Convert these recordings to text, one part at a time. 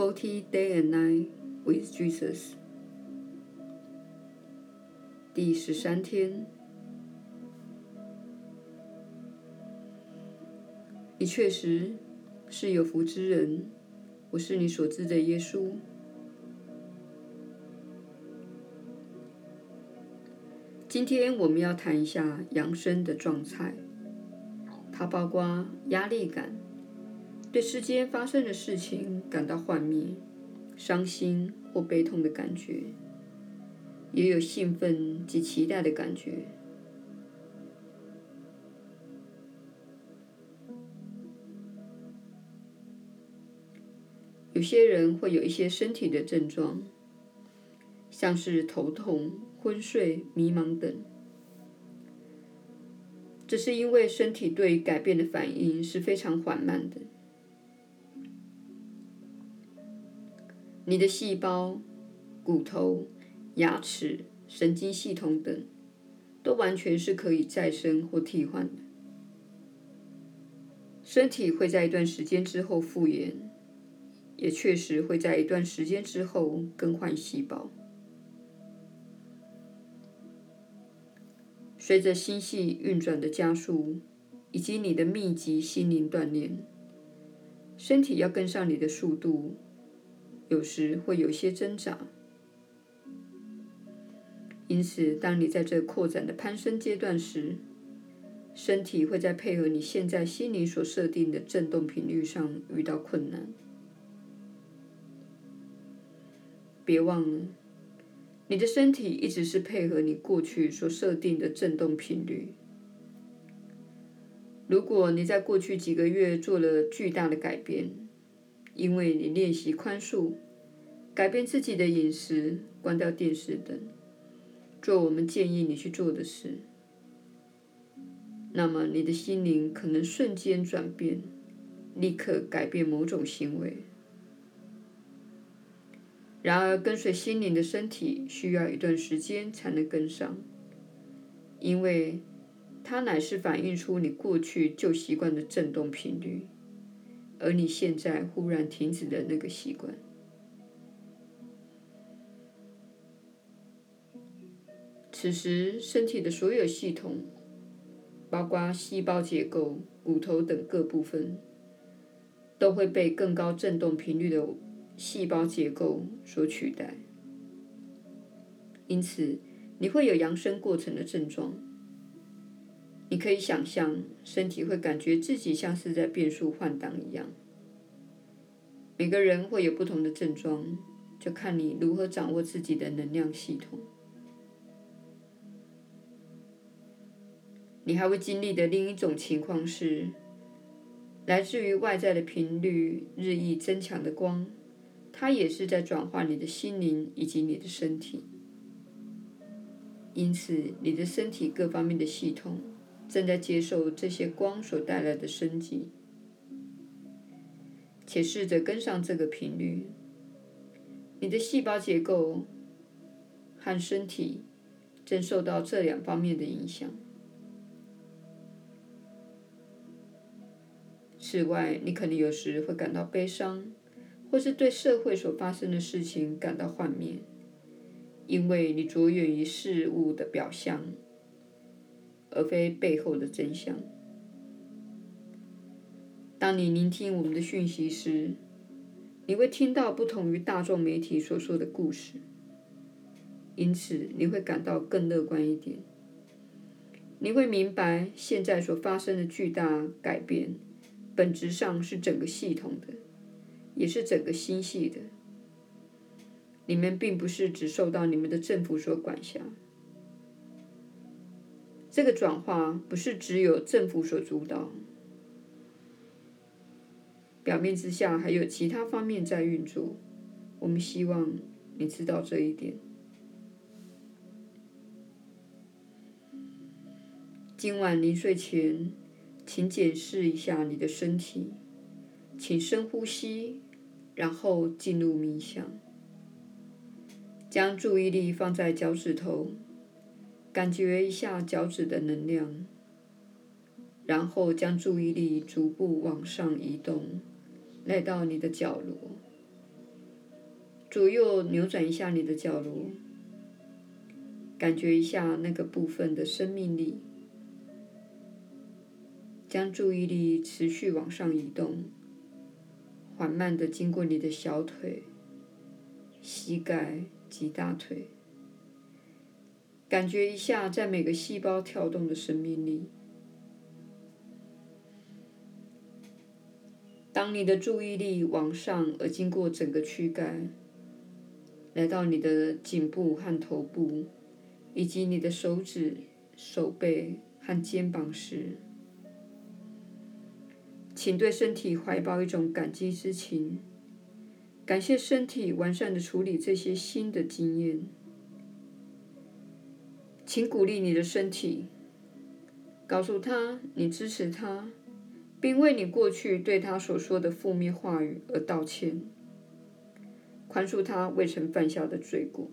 Forty day and night with Jesus，第十三天，你確實是有福之人，我是你所知的耶穌。今天我們要談一下揚升的狀態，它包括壓力感。對世間發生的事情感到幻滅、傷心或悲痛的感覺，也有興奮及期待的感覺。有些人會有一些身體的症狀，像是頭痛、昏睡、迷茫等。這是因為身體對於改變的反應是非常緩慢的。你的細胞、骨頭、牙齒、神經系統等，都完全是可以再生或替換的。身體會在一段時間之後復原，也確實會在一段時間之後更換細胞。隨着星系運轉的加速，以及你的密集心靈鍛煉，身體要跟上你的速度。有時會有些掙扎。因此，當你在這擴展的攀升階段時，身體會在配合你現在心靈所設定的振動頻率上遇到困難。別忘了，你的身體一直是配合你過去所設定的振動頻率。如果你在過去幾個月做了巨大的改變，因為你練習寬恕、改變自己的飲食、關掉電視等，做我們建議你去做的事，那麼你的心靈可能瞬間轉變，立刻改變某種行為。然而，跟隨心靈的身體需要一段時間才能跟上，因為它乃是反映出你過去舊習慣的振動頻率。而你現在忽然停止了那個習慣，此時身體的所有系統，包括細胞結構、骨頭等各部分，都會被更高振動頻率的細胞結構所取代，因此你會有揚升過程的症狀。你可以想象，身體會感覺自己像是在變速換擋一樣。每個人會有不同的症狀，就看你如何掌握自己的能量系統。你還會經歷的另一種情況是，來自於外在的頻率日益增強的光，它也是在轉化你的心靈以及你的身體。因此，你的身體各方面的系統。正在接受這些光所帶來的升級，且試着跟上這個頻率。你的細胞結構和身體正受到這兩方面的影響。此外，你可能有時會感到悲傷，或是對社會所發生的事情感到幻滅，因為你着眼於事物的表相。而非背後的真相。當你聆聽我們的訊息時，你會聽到不同於大眾媒體所說的故事，因此你會感到更樂觀一點。你會明白，現在所發生的巨大改變，本質上是整個系統的，也是整個星系的。你們並不是只受到你們的政府所管轄。這個轉化不是只有政府所主導，表面之下還有其他方面在運作。我們希望你知道這一點。今晚臨睡前，請檢視一下你的身體，請深呼吸，然後進入冥想，將注意力放在腳趾頭。感覺一下腳趾的能量，然後將注意力逐步往上移動，來到你的腳踝，左右扭轉一下你的腳踝，感覺一下那個部分的生命力，將注意力持續往上移動，緩慢地經過你的小腿、膝蓋及大腿。感覺一下，在每個細胞跳動的生命力。當你的注意力往上，而經過整個軀幹，來到你的頸部和頭部，以及你的手指、手背和肩膀時，請對身體懷抱一種感激之情，感謝身體完善地處理這些新的經驗。請鼓勵你的身體，告訴他你支持他，並為你過去對他所說的負面話語而道歉，寬恕他未曾犯下的罪過。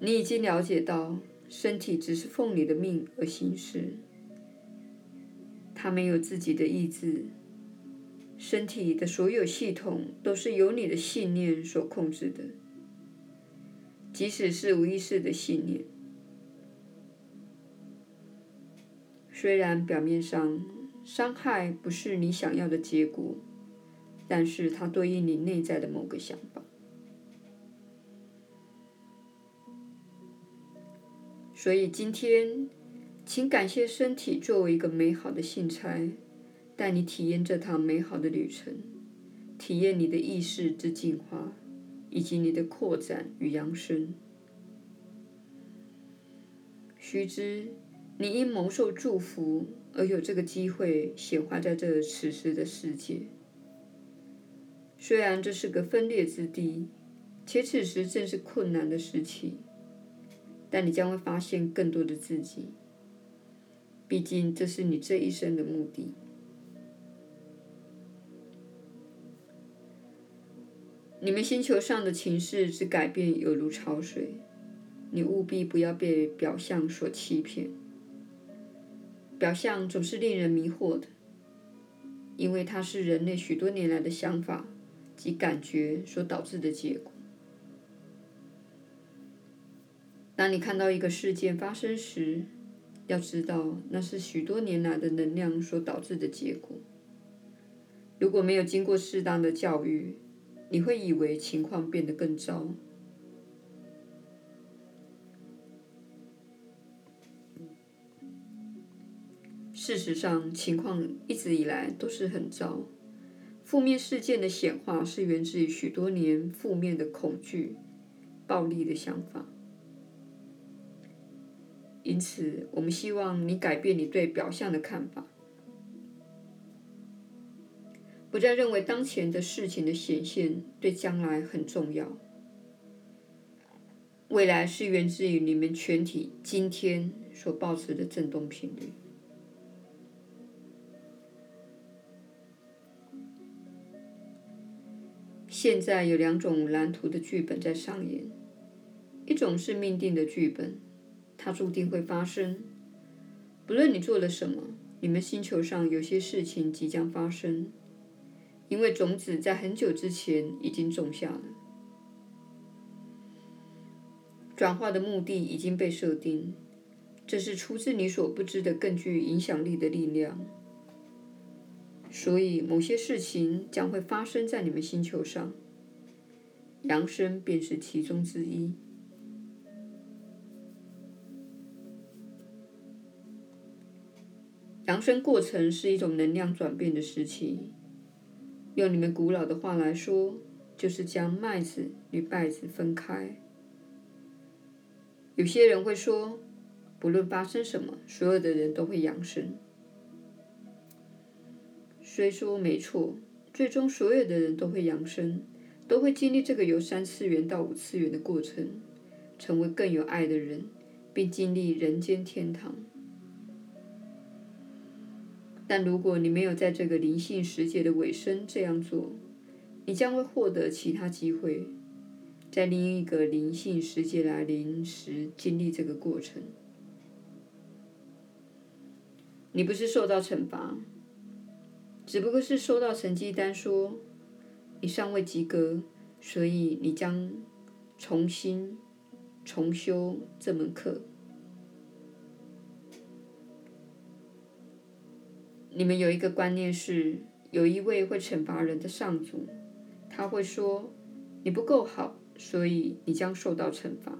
你已經了解到，身體只是奉你的命而行事，他沒有自己的意志。身體的所有系統都是由你的信念所控制的，即使是無意識的信念。雖然表面上，傷害不是你想要的結果，但是它對應你內在的某個想法。所以今天，請感謝身體作為一個美好的信差。帶你體驗這趟美好的旅程，體驗你的意識之進化，以及你的擴展與揚升。須知，你因蒙受祝福而有這個機會顯化在這個此時的世界。雖然這是個分裂之地，且此時正是困難的時期，但你將會發現更多的自己。畢竟，這是你這一生的目的。你們星球上的情勢之改變，有如潮水。你務必不要被表象所欺騙。表象總是令人迷惑的，因為它是人類許多年來的想法及感覺所導致的結果。當你看到一個事件發生時，要知道那是許多年來的能量所導致的結果。如果沒有經過適當的教育，你會以為情況變得更糟。事實上，情況一直以來都是很糟。負面事件的顯化是源自於許多年負面的恐懼、暴力的想法。因此，我們希望你改變你對表象的看法。不再認為當前的事情的顯現對將來很重要。未來是源自於你們全體今天所抱持的振動頻率。現在有兩種藍圖的劇本在上演，一種是命定的劇本，它注定會發生，不論你做了什麼，你們星球上有些事情即將發生。因為種子在很久之前已經種下了，轉化的目的已經被設定，這是出自你所不知的更具影響力的力量，所以某些事情將會發生在你們星球上，揚升便是其中之一。揚升過程是一種能量轉變的事情時期。用你們古老的話來說，就是將麥子與稗子分開。有些人會說，不論發生什麼，所有的人都會揚升。雖說沒錯，最終所有的人都會揚升，都會經歷這個由三次元到五次元的過程，成為更有愛的人，並經歷人間天堂。但如果你沒有在這個靈性時節的尾聲這樣做，你將會獲得其他機會，在另一個靈性時節來臨時經歷這個過程。你不是受到懲罰，只不過是收到成績單說你尚未及格，所以你將重新重修這門課。你們有一個觀念是，有一位會懲罰人的上主，他會說：“你不夠好，所以你將受到懲罰。”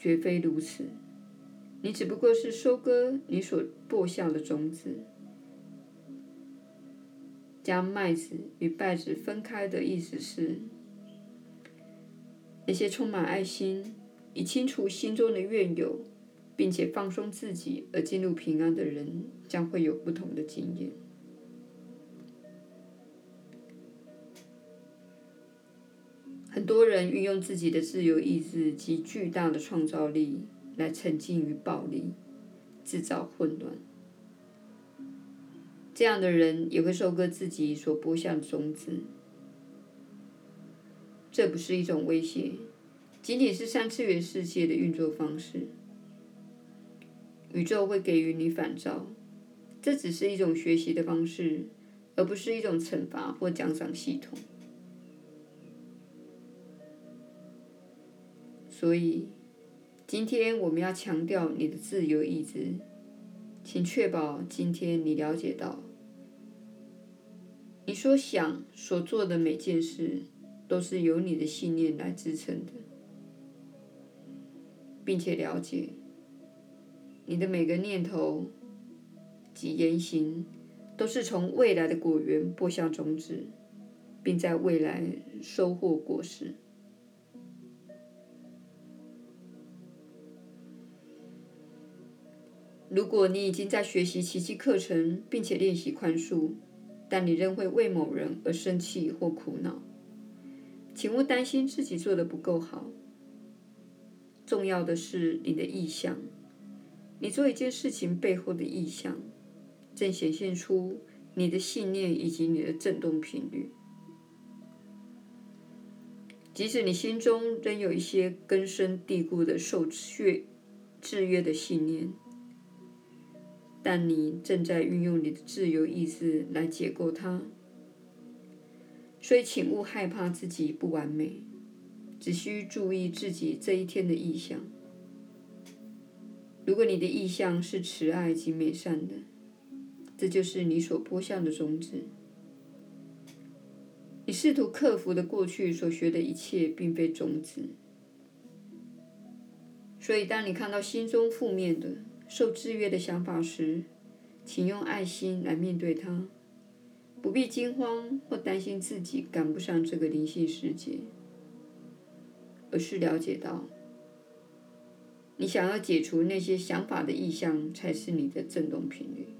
絕非如此，你只不過是收割你所播下的種子。將麥子與稗子分開的意思是，那些充滿愛心、已清除心中的怨尤。並且放鬆自己而進入平安的人，將會有不同的經驗。很多人運用自己的自由意志及巨大的創造力來沉浸於暴力，制造混亂。這樣的人也會收割自己所播下的種子。這不是一種威脅，僅僅是三次元世界的運作方式。宇宙會給予你反照，這只是一種學習的方式，而不是一種懲罰或獎賞系統。所以，今天我們要強調你的自由意志，請確保今天你了解到，你所想所做的每件事都是由你的信念來支撐的，並且了解。你的每個念頭及言行，都是從未來的果園播下種子，並在未來收穫果實。如果你已經在學習奇蹟課程，並且練習寬恕，但你仍會為某人而生氣或苦惱，請勿擔心自己做得不夠好。重要的是你的意向。你做一件事情背後的意向，正顯現出你的信念以及你的振動頻率。即使你心中仍有一些根深蒂固的受制約的信念，但你正在運用你的自由意志來解構它。所以，請勿害怕自己不完美，只需注意自己這一天的意向。如果你的意向是慈愛及美善的，這就是你所播下的種子。你試圖克服的過去所學的一切，並非種子。所以，當你看到心中負面的、受制約的想法時，請用愛心來面對它，不必驚慌或擔心自己趕不上這個靈性世界，而是了解到。你想要解除那些想法的意向，才是你的振動頻率。